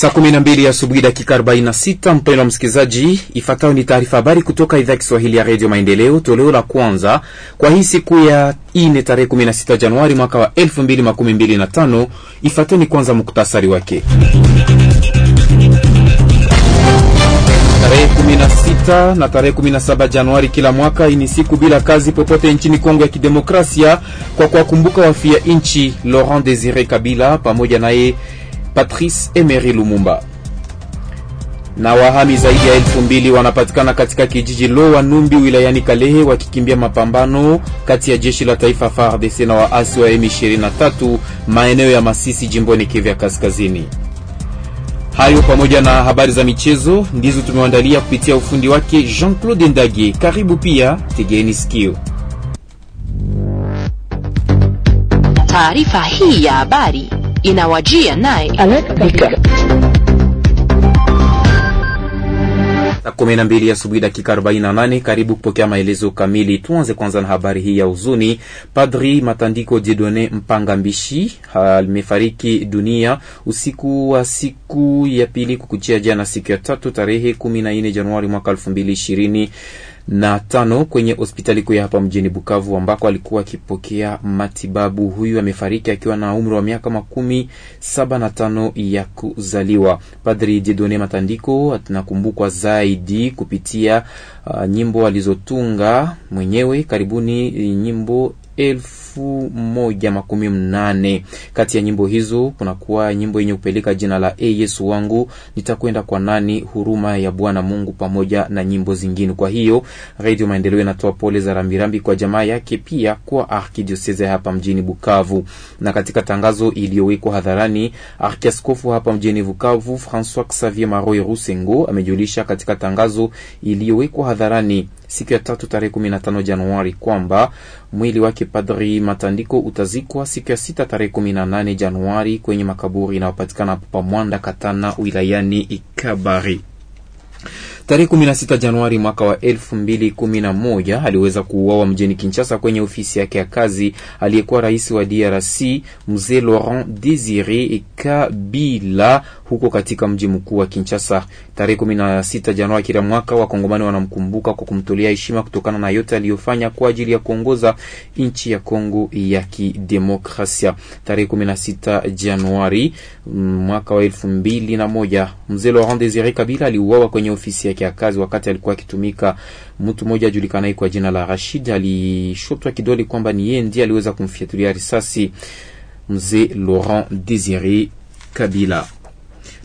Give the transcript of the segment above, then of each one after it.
Saa 12 asubuhi dakika 46. Mpendwa msikilizaji, ifuatayo ni taarifa habari kutoka idhaa ya Kiswahili ya redio Maendeleo, toleo la kwanza kwa hii siku ya ine tarehe 16 Januari mwaka wa 2025. Ifuatayo ni kwanza muktasari wake. Tarehe 16 na tarehe 17 Januari kila mwaka ni siku bila kazi popote nchini Kongo ya Kidemokrasia, kwa kuwakumbuka wafia nchi Laurent Desire Kabila pamoja naye Patrice Emery Lumumba. Na wahami zaidi ya elfu mbili wanapatikana katika kijiji Lowa Numbi wilayani Kalehe wakikimbia mapambano kati ya jeshi la taifa FARDC na waasi wa M23 maeneo ya Masisi jimboni Kivu Kaskazini. Hayo pamoja na habari za michezo ndizo tumewandalia kupitia ufundi wake Jean-Claude Ndage. Karibu pia, tegeni sikio. Taarifa hii ya habari inawajia naye saa kumi na mbili asubuhi dakika 48. Karibu kupokea maelezo kamili. Tuanze kwanza na habari hii ya huzuni. Padri Matandiko jedone Mpanga Mbishi amefariki dunia usiku wa siku ya pili kukuchia jana, siku ya tatu, tarehe kumi nne Januari mwaka ishirini na tano kwenye hospitali kuu ya hapa mjini Bukavu ambako alikuwa akipokea matibabu. Huyu amefariki akiwa na umri wa miaka makumi saba na tano ya kuzaliwa. Padri Jedone Matandiko anakumbukwa zaidi kupitia uh, nyimbo alizotunga mwenyewe karibuni nyimbo elfu elfu moja makumi mnane. Kati ya nyimbo hizo kunakuwa nyimbo yenye kupeleka jina la E Yesu wangu, nitakwenda kwa nani, huruma ya Bwana Mungu pamoja na nyimbo zingine. Kwa hiyo Radio Maendeleo inatoa pole za rambirambi kwa jamaa yake pia kwa arkidioseze hapa mjini Bukavu. Na katika tangazo iliyowekwa hadharani, arkiaskofu hapa mjini Bukavu Francois Xavier Maroy Rusengo amejulisha katika tangazo iliyowekwa hadharani siku ya tatu tarehe 15 Januari kwamba mwili wake padri Matandiko utazikwa siku ya sita tarehe kumi na nane Januari kwenye makaburi inayopatikana Mwanda Katana wilayani Ikabari. Tarehe 16 Januari mwaka wa 2011 aliweza kuuawa mjini Kinshasa kwenye ofisi yake ya kazi aliyekuwa rais wa DRC Mzee Laurent Desire Kabila huko katika mji mkuu wa Kinshasa tarehe 16 Januari kila mwaka. Wakongomani wanamkumbuka kwa kumtolea heshima kutokana na yote aliyofanya kwa ajili ya kuongoza nchi ya Kongo ya kidemokrasia. Tarehe 16 Januari mm, mwaka wa elfu mbili na moja mzee Laurent Desire Kabila aliuawa kwenye ofisi yake ya kazi wakati alikuwa akitumika. Mtu mmoja ajulikanaye kwa jina la Rashid alishotwa kidole kwamba ni yeye ndiye aliweza kumfiatulia risasi mzee Laurent Desire Kabila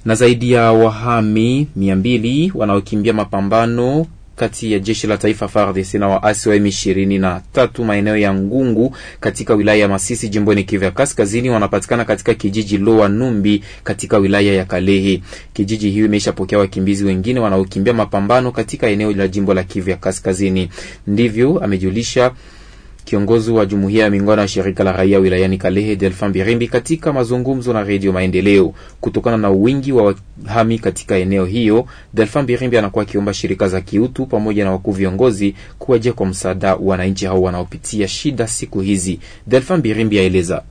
na zaidi ya wahami mia mbili wanaokimbia mapambano kati ya jeshi la taifa FARDC na waasi wa M23 maeneo ya Ngungu katika wilaya ya Masisi jimboni Kivu Kaskazini wanapatikana katika kijiji Loa Numbi katika wilaya ya Kalehe. Kijiji hiyo imeshapokea wakimbizi wengine wanaokimbia mapambano katika eneo la jimbo la Kivu ya Kaskazini. Ndivyo amejulisha kiongozi wa jumuiya ya miungano ya shirika la raia wilayani Kalehe, Delfin Birimbi, katika mazungumzo na Redio Maendeleo. Kutokana na wingi wa wahami katika eneo hiyo, Delfin Birimbi anakuwa akiomba shirika za kiutu pamoja na wakuu viongozi kuwajia kwa msaada wananchi hao wanaopitia shida siku hizi. Delfin Birimbi aeleza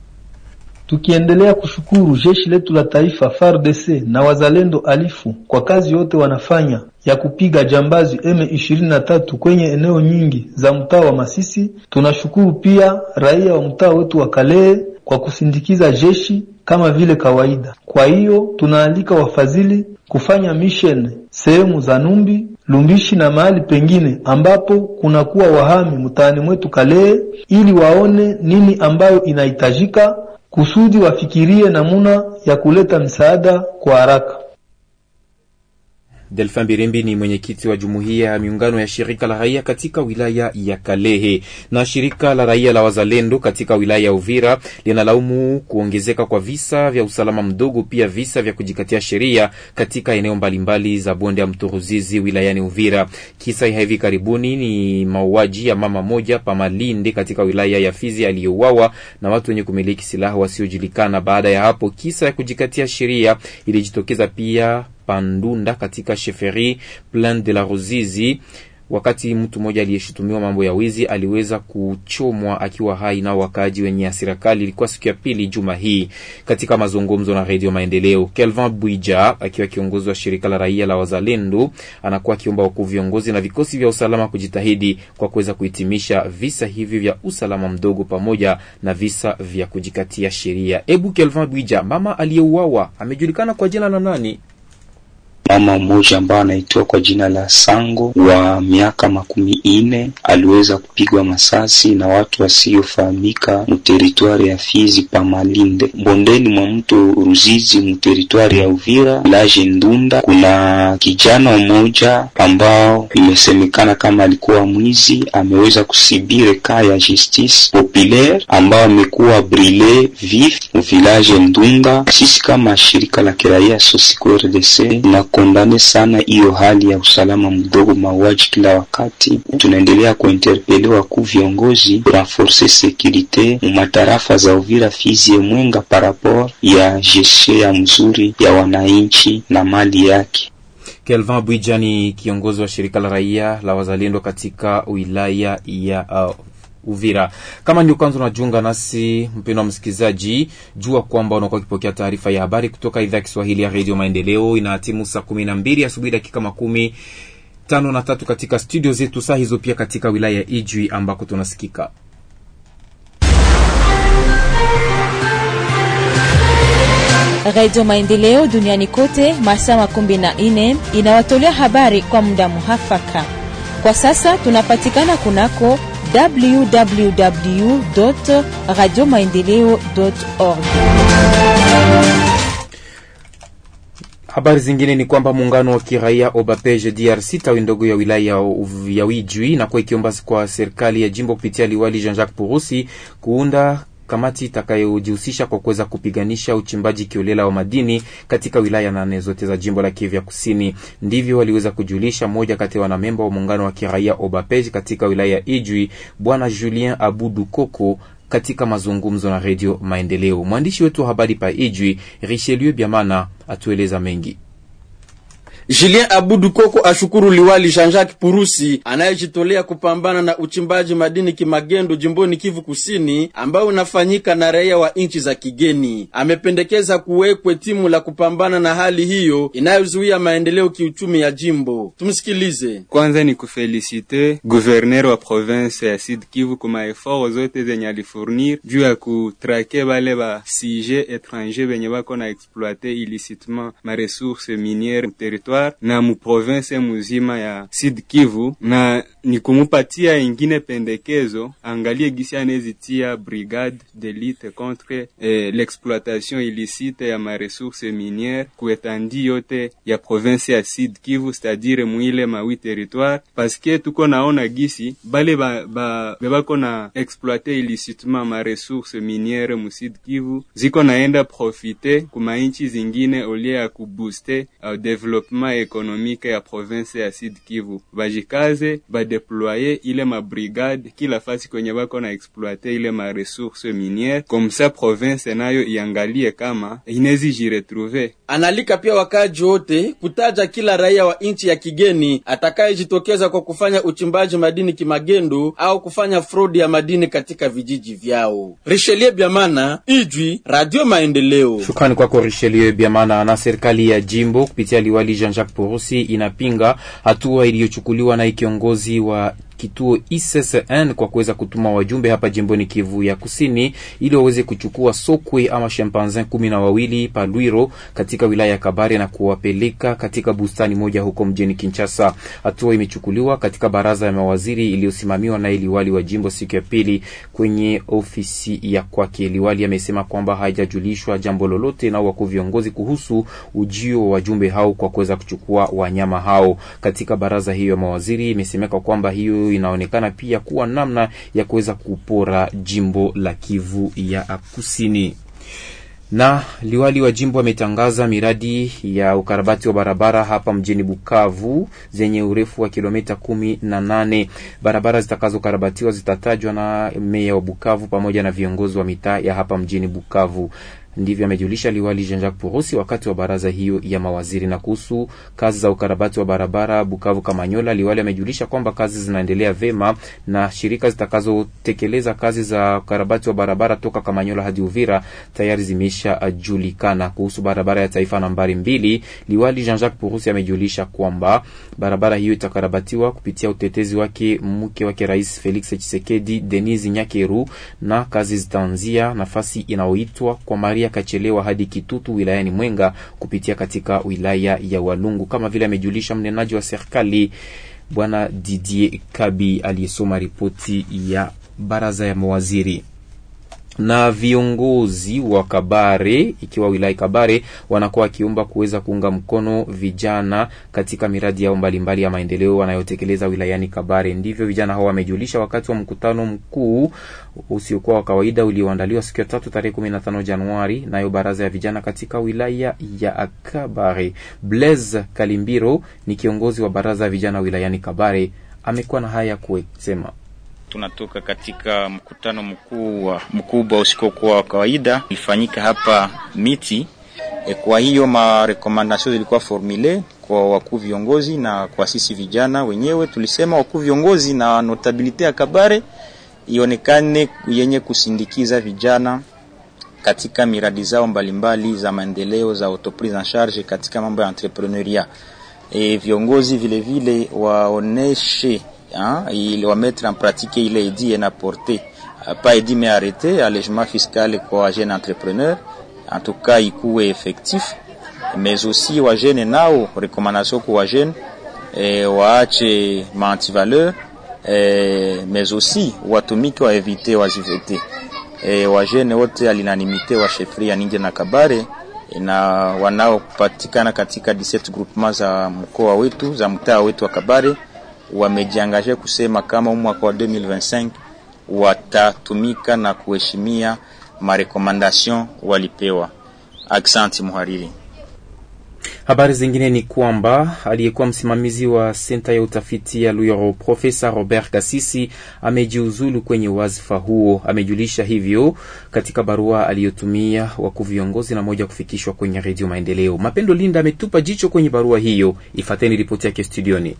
Tukiendelea kushukuru jeshi letu la taifa FARDC na wazalendo alifu kwa kazi yote wanafanya ya kupiga jambazi M23 kwenye eneo nyingi za mtaa wa Masisi. Tunashukuru pia raia wa mtaa wetu wa Kalee kwa kusindikiza jeshi kama vile kawaida. Kwa hiyo tunaalika wafadhili kufanya mission sehemu za Numbi, Lumbishi na mahali pengine ambapo kunakuwa wahami mtaani mwetu Kalee, ili waone nini ambayo inahitajika kusudi wafikirie namuna ya kuleta msaada kwa haraka. Delfa Birembi ni mwenyekiti wa jumuiya ya miungano ya shirika la raia katika wilaya ya Kalehe. Na shirika la raia la wazalendo katika wilaya ya Uvira linalaumu kuongezeka kwa visa vya usalama mdogo, pia visa vya kujikatia sheria katika eneo mbalimbali za bonde ya Mturuzizi wilayani Uvira. Kisa ya hivi karibuni ni mauaji ya mama moja Pamalinde katika wilaya ya Fizi aliyouawa na watu wenye kumiliki silaha wasiojulikana. Baada ya hapo, kisa ya kujikatia sheria ilijitokeza pia Pandunda katika Sheferi Plan de la Ruzizi wakati mtu mmoja aliyeshutumiwa mambo ya wizi aliweza kuchomwa akiwa hai na wakaaji wenye hasira kali. Ilikuwa siku ya pili juma hii. Katika mazungumzo na Redio Maendeleo, Kelvin Buija akiwa kiongozi wa shirika la raia la Wazalendo anakuwa akiomba wakuu viongozi na vikosi vya usalama kujitahidi kwa kuweza kuhitimisha visa hivi vya usalama mdogo pamoja na visa vya kujikatia sheria. Ebu Kelvin Buija, mama aliyeuawa amejulikana kwa jina la nani? mama mmoja ambaye anaitwa kwa jina la Sango wa miaka makumi ine aliweza kupigwa masasi na watu wasiofahamika muteritwari ya Fizi pa Malinde, bondeni mwa mto Ruzizi muteritwari ya Uvira vilaje Ndunda. Kuna kijana mmoja ambao imesemekana kama alikuwa mwizi, ameweza kusibire ka ya Justice Populaire ambao amekuwa brile vif vilaje Ndunda. Sisi kama shirika la kiraia SOSICO na tupambane sana hiyo hali ya usalama mdogo, mauaji kila wakati. Tunaendelea kuinterpele ku viongozi renforcer securite mu matarafa za Uvira, Fizi, Mwenga paraport ya jeshe ya mzuri ya wananchi na mali yake. Kelvin Bwijani, kiongozi wa shirika la raia la wazalendo katika wilaya ya uh, Uvira. Kama ndio kwanza unajiunga nasi mpendwa msikilizaji, jua kwamba unakuwa ukipokea taarifa ya habari kutoka idhaa ya Kiswahili ya Radio Maendeleo. Inahatimu saa kumi na mbili asubuhi dakika makumi tano na tatu katika studio zetu, saa hizo pia katika wilaya ya Ijwi ambako tunasikika Radio Maendeleo duniani kote, masaa makumi na nne inawatolea habari kwa muda muhafaka. Kwa sasa tunapatikana kunako www radio maendeleo org. Habari zingine ni kwamba muungano wa kiraia Obapege DRC tawi ndogo ya wilaya ya wijui na kwa ikiomba kwa serikali ya jimbo kupitia liwali Jean Jacques Purusi kuunda kamati itakayojihusisha kwa kuweza kupiganisha uchimbaji kiolela wa madini katika wilaya nane zote za jimbo la Kivu Kusini. Ndivyo waliweza kujulisha moja kati ya wanamemba wa muungano wa kiraia Obapej katika wilaya ya Ijwi, Bwana Julien Abudu Koko katika mazungumzo na Redio Maendeleo. Mwandishi wetu wa habari pa Ijwi, Richelieu Biamana, atueleza mengi. Julien Abudu Koko ashukuru liwali Jean-Jacques Purusi anayejitolea kupambana na uchimbaji madini kimagendo jimboni Kivu Kusini ambao unafanyika na raia wa nchi za kigeni. Amependekeza kuwekwe timu la kupambana na hali hiyo inayozuia maendeleo kiuchumi ya jimbo. Tumsikilize. Kwanza ni kufelisite guverner wa province ya Sud Kivu kwa maefort zote zenye alifurnir juu ya kutrake bale ba sije etranger benye bako na exploite illicitement ma miniere territoire Kivu na muprovince muzima ya Sud Kivu, na ni kumupatia ingine pendekezo, angalie gisi anezitia brigade de lutte contre eh, l'exploitation illicite ya maresource miniere kuetandi yote ya province ya Sud Kivu, c'est-à-dire mwile mawi territoire, paske tuko naona gisi bale ba, ba, bako na exploite illicitement maresource miniere sud Kivu ziko naenda profite kumainchi zingine olie ya kubuste au euh, development developement ekonomike ya province ya Sud Kivu, bajikaze badeploye ile mabrigade kila fasi kwenye bako na exploite ile maresource miniere, komsa province nayo iangalie kama inezi jiretrouve. Analika pia wakaji wote kutaja kila raia wa nchi ya kigeni atakayejitokeza kwa kufanya uchimbaji madini kimagendo au kufanya frodi ya madini katika vijiji vyao. Richelieu Biamana, Ijwi, Radio Maendeleo. Shukrani kwako Richelieu Biamana. Na serikali ya jimbo kupitia liwali Jean Jean Jacques Porosi inapinga hatua iliyochukuliwa na kiongozi wa kituo ISSN kwa kuweza kutuma wajumbe hapa jimboni Kivu ya Kusini ili waweze kuchukua sokwe ama shampanze kumi na wawili Palwiro katika wilaya ya Kabare na kuwapeleka katika bustani moja huko mjini Kinshasa. Hatua imechukuliwa katika baraza ya mawaziri iliyosimamiwa na liwali wa jimbo siku ya pili kwenye ofisi ya kwake. Liwali amesema kwamba haijajulishwa jambo lolote na wakuu viongozi kuhusu ujio wa wajumbe hao kwa kuweza kuchukua wanyama hao katika baraza hiyo ya mawaziri. Imesemeka kwamba hiyo inaonekana pia kuwa namna ya kuweza kupora jimbo la Kivu ya Kusini na liwali wa jimbo ametangaza miradi ya ukarabati wa barabara hapa mjini Bukavu zenye urefu wa kilomita kumi na nane. Barabara zitakazokarabatiwa zitatajwa na meya wa Bukavu pamoja na viongozi wa mitaa ya hapa mjini Bukavu. Ndivyo amejulisha liwali Jean Jacques Purusi wakati wa baraza hiyo ya mawaziri. Na kuhusu kazi za ukarabati wa barabara Bukavu Kamanyola, liwali amejulisha kwamba kazi zinaendelea vema na shirika zitakazotekeleza kazi za ukarabati wa barabara toka Kamanyola hadi Uvira tayari zimesha julikana. Kuhusu barabara ya taifa nambari mbili, liwali Jean Jacques Purusi amejulisha kwamba barabara hiyo itakarabatiwa kupitia utetezi wake mke wake Rais Felix Tshisekedi Denise Nyakeru, na kazi zitaanzia nafasi inayoitwa kwa Maria kachelewa hadi Kitutu wilayani Mwenga kupitia katika wilaya ya Walungu, kama vile amejulisha mnenaji wa serikali Bwana Didier Kabi aliyesoma ripoti ya baraza ya mawaziri na viongozi wa Kabare ikiwa wilaya Kabare wanakuwa wakiomba kuweza kuunga mkono vijana katika miradi yao mbalimbali mbali ya maendeleo wanayotekeleza wilayani Kabare. Ndivyo vijana hao wamejulisha wakati wa mkutano mkuu usiokuwa wa kawaida ulioandaliwa siku ya tatu tarehe 15 Januari, nayo baraza ya vijana katika wilaya ya Kabare. Blaise Kalimbiro ni kiongozi wa baraza ya vijana wilayani Kabare, amekuwa na haya ya kusema tunatoka katika mkutano mkuu wa mkubwa usikokuwa wa kawaida ulifanyika hapa miti. E, kwa hiyo marekomandasyon zilikuwa formule kwa wakuu viongozi na kwa sisi vijana wenyewe. Tulisema wakuu viongozi na notabilite ya Kabare ionekane yenye kusindikiza vijana katika miradi zao mbalimbali za maendeleo za autoprise en charge katika mambo ya entrepreneuria. E, viongozi vilevile waoneshe hein, il va mettre en pratique, il est dit et apporté, euh, pas dit mais arrêté, allègement fiscal et coagène entrepreneur, en tout cas, il coût est effectif, mais aussi wagène et nao, recommandation wagène, et waache valeur, mais aussi watumiki wa éviter wajivete wa wageni wote alinanimite wa en ya de na Kabare na wanaopatikana katika 17 groupements za mkoa wetu za mtaa wetu wa Kabare wamejiangaje kusema kama mwaka wa 2025 watatumika na kuheshimia marekomandasyon walipewa. Aksanti muhariri. Habari zingine ni kwamba aliyekuwa msimamizi wa senta ya utafiti ya Luyoro Profesa Robert Kasisi amejiuzulu kwenye wazifa huo. Amejulisha hivyo katika barua aliyotumia wakuu viongozi na moja kufikishwa kwenye Redio Maendeleo. Mapendo Linda ametupa jicho kwenye barua hiyo, ifateni ripoti yake studioni.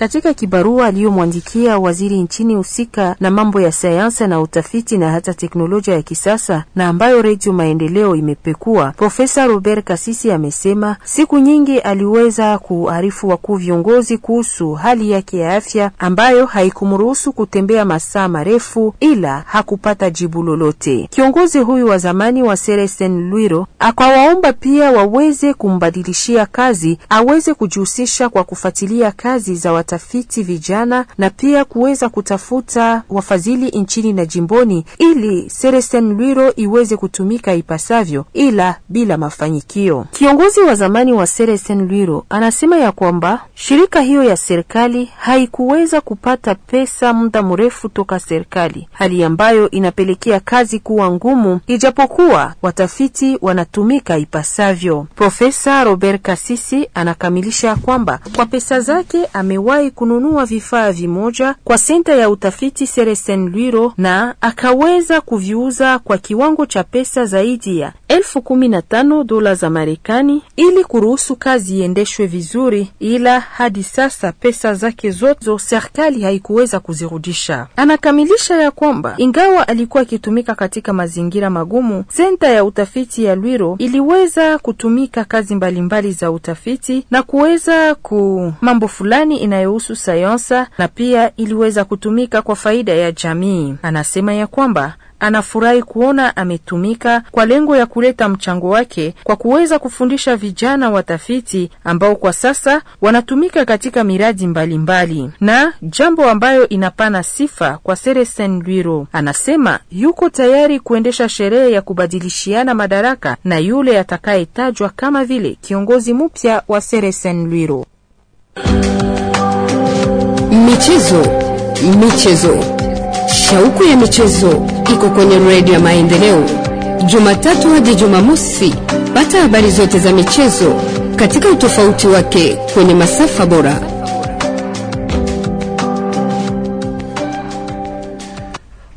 Katika kibarua aliyomwandikia waziri nchini husika na mambo ya sayansi na utafiti na hata teknolojia ya kisasa na ambayo Redio Maendeleo imepekua, Profesa Robert Kasisi amesema siku nyingi aliweza kuarifu wakuu viongozi kuhusu hali yake ya afya ambayo haikumruhusu kutembea masaa marefu, ila hakupata jibu lolote. Kiongozi huyu wa zamani wa seresen Lwiro akawaomba pia waweze kumbadilishia kazi, aweze kujihusisha kwa kufuatilia kazi za watafiti vijana na pia kuweza kutafuta wafadhili nchini na jimboni, ili seresen Lwiro iweze kutumika ipasavyo, ila bila mafanikio. Kiongozi wa zamani wa seresen Lwiro anasema ya kwamba shirika hiyo ya serikali haikuweza kupata pesa muda mrefu toka serikali, hali ambayo inapelekea kazi kuwa ngumu, ijapokuwa watafiti wanatumika ipasavyo. Profesa Robert Kasisi anakamilisha kwamba kwa pesa zake amewahi aliwahi kununua vifaa vimoja kwa senta ya utafiti Seresen Lwiro na akaweza kuviuza kwa kiwango cha pesa zaidi ya elfu kumi na tano dola za Marekani ili kuruhusu kazi iendeshwe vizuri, ila hadi sasa pesa zake zote serikali haikuweza kuzirudisha. Anakamilisha ya kwamba ingawa alikuwa akitumika katika mazingira magumu, senta ya utafiti ya Lwiro iliweza kutumika kazi mbalimbali mbali za utafiti na kuweza ku mambo fulani inayohusu sayansa na pia iliweza kutumika kwa faida ya jamii. Anasema ya kwamba anafurahi kuona ametumika kwa lengo ya kuleta mchango wake kwa kuweza kufundisha vijana watafiti ambao kwa sasa wanatumika katika miradi mbalimbali mbali. Na jambo ambayo inapana sifa kwa Seresen Lwiro, anasema yuko tayari kuendesha sherehe ya kubadilishiana madaraka na yule atakayetajwa kama vile kiongozi mpya wa Seresen Lwiro. Michezo, michezo Shauku ya michezo iko kwenye redio ya Maendeleo, Jumatatu hadi Jumamosi. Pata habari zote za michezo katika utofauti wake kwenye masafa bora.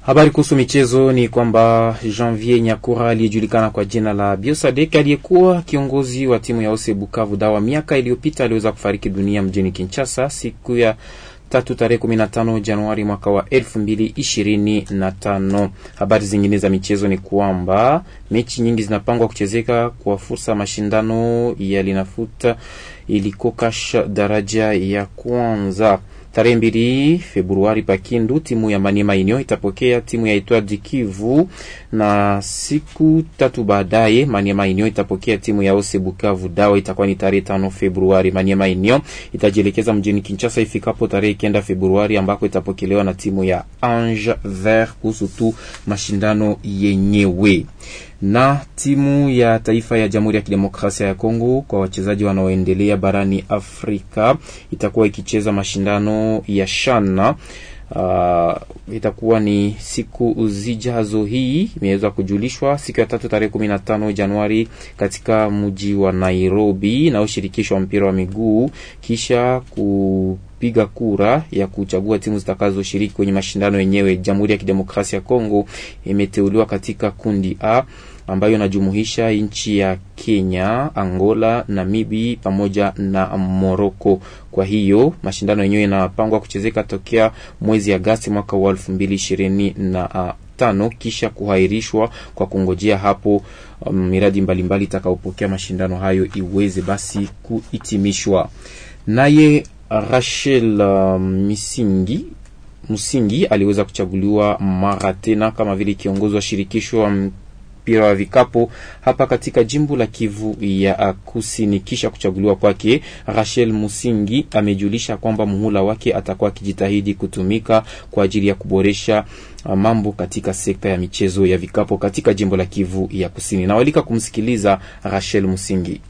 Habari kuhusu michezo ni kwamba Janvier Nyakura aliyejulikana kwa jina la Biosadek aliyekuwa kiongozi wa timu ya Ose Bukavu Dawa miaka iliyopita aliweza kufariki dunia mjini Kinshasa siku ya tatu tarehe 15 Januari mwaka wa 2025. Habari zingine za michezo ni kwamba mechi nyingi zinapangwa kuchezeka kwa fursa mashindano ya linafuta iliko kasha daraja ya kwanza. Tarehe mbili Februari pakindu timu ya Maniema Union itapokea timu ya du Kivu, na siku tatu baadaye Maniema Union itapokea timu ya Ose Bukavu Dawa. Itakuwa ni tarehe tano Februari. Maniema Union itajielekeza mjini Kinshasa ifikapo tarehe kenda Februari ambako itapokelewa na timu ya Ange Vert kuhusu tu mashindano yenyewe. Na timu ya taifa ya Jamhuri ya Kidemokrasia ya Kongo kwa wachezaji wanaoendelea barani Afrika itakuwa ikicheza mashindano ya shana Uh, itakuwa ni siku zijazo. Hii imeweza kujulishwa siku ya tatu tarehe 15 tano Januari katika mji wa Nairobi na ushirikisho wa mpira wa miguu kisha ku piga kura ya kuchagua timu zitakazoshiriki kwenye mashindano yenyewe. Jamhuri ya Kidemokrasia ya Kongo imeteuliwa katika kundi A ambayo inajumuisha nchi ya Kenya, Angola, Namibi pamoja na Moroko. Kwa hiyo mashindano yenyewe yanapangwa kuchezeka tokea mwezi Agasti mwaka wa elfu mbili ishirini na ah, tano kisha kuhairishwa kwa kungojea hapo um, miradi mbalimbali itakayopokea mashindano hayo iweze basi kuhitimishwa. Naye Rachel uh, Misingi Msingi aliweza kuchaguliwa mara tena kama vile kiongozi wa shirikisho wa mpira wa vikapo hapa katika jimbo la Kivu ya ah, Kusini. Kisha kuchaguliwa kwake, Rachel Musingi amejulisha kwamba muhula wake atakuwa akijitahidi kutumika kwa ajili ya kuboresha ah, mambo katika sekta ya michezo ya vikapo katika jimbo la Kivu ya Kusini. Nawalika kumsikiliza Rachel Musingi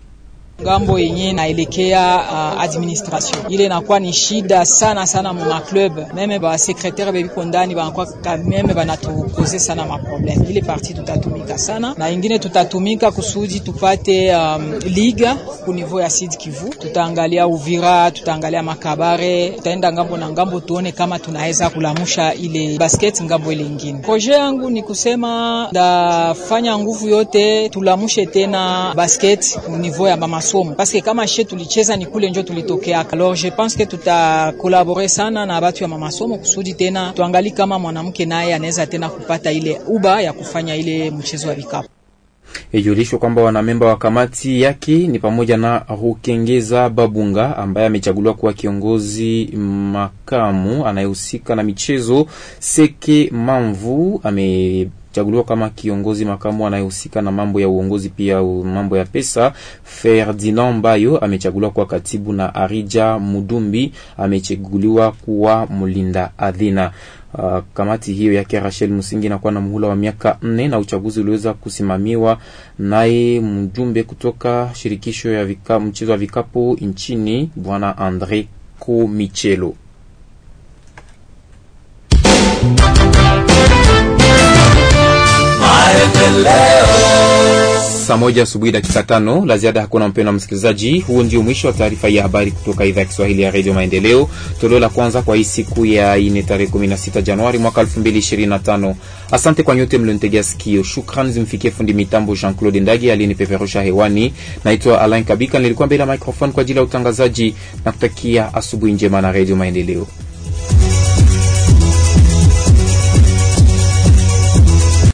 ngambo yenye naelekea uh, administration ile inakuwa ni shida sana sana muma club meme ba secretaire bebiko ndani banakuwa kameme banatukoze sana maprobleme. Ile parti tutatumika sana na ingine tutatumika kusudi tupate um, euh, liga ku niveau ya Sud Kivu. Tutaangalia Uvira, tutaangalia Makabare, tutaenda ngambo na ngambo, tuone kama tunaweza kulamusha ile basket ngambo ile ingine. Proje yangu ni kusema ndafanya nguvu yote tulamushe tena basket ku niveau ya mama masomo parce que kama she tulicheza ni kule njo tulitokea. Alors je pense que tutakolabore sana na batu ya mamasomo kusudi tena tuangali kama mwanamke naye anaweza tena kupata ile uba ya kufanya ile mchezo wa vikapu. Ijulishwe kwamba wanamemba wa kamati yake ni pamoja na Rukengeza Babunga ambaye amechaguliwa kuwa kiongozi makamu anayehusika na michezo. Seke Mamvu ame kuchaguliwa kama kiongozi makamu anayehusika na mambo ya uongozi pia mambo ya pesa. Ferdinand Mbayo amechaguliwa kuwa katibu na Arija Mudumbi amechaguliwa kuwa mlinda adhina. Uh, kamati hiyo yake Rachel Musingi inakuwa na muhula wa miaka nne na uchaguzi uliweza kusimamiwa naye mjumbe kutoka shirikisho ya vika, mchezo wa vikapu nchini Bwana Andre Komichelo. Saa moja asubuhi dakika tano. La ziada hakuna mpendo wa msikilizaji, huo ndio mwisho wa taarifa ya habari kutoka idhaa ya Kiswahili ya redio Maendeleo, toleo la kwanza kwa hii siku ya ine tarehe 16 Januari mwaka 225 Asante kwa nyote mliontegea sikio. shukran zimfikie fundi mitambo Jean Claude Ndagi alinipeperusha hewani. Naitwa Alain Kabika, nilikuwa mbele ya microphone kwa ajili ya utangazaji na kutakia asubuhi njema na redio Maendeleo.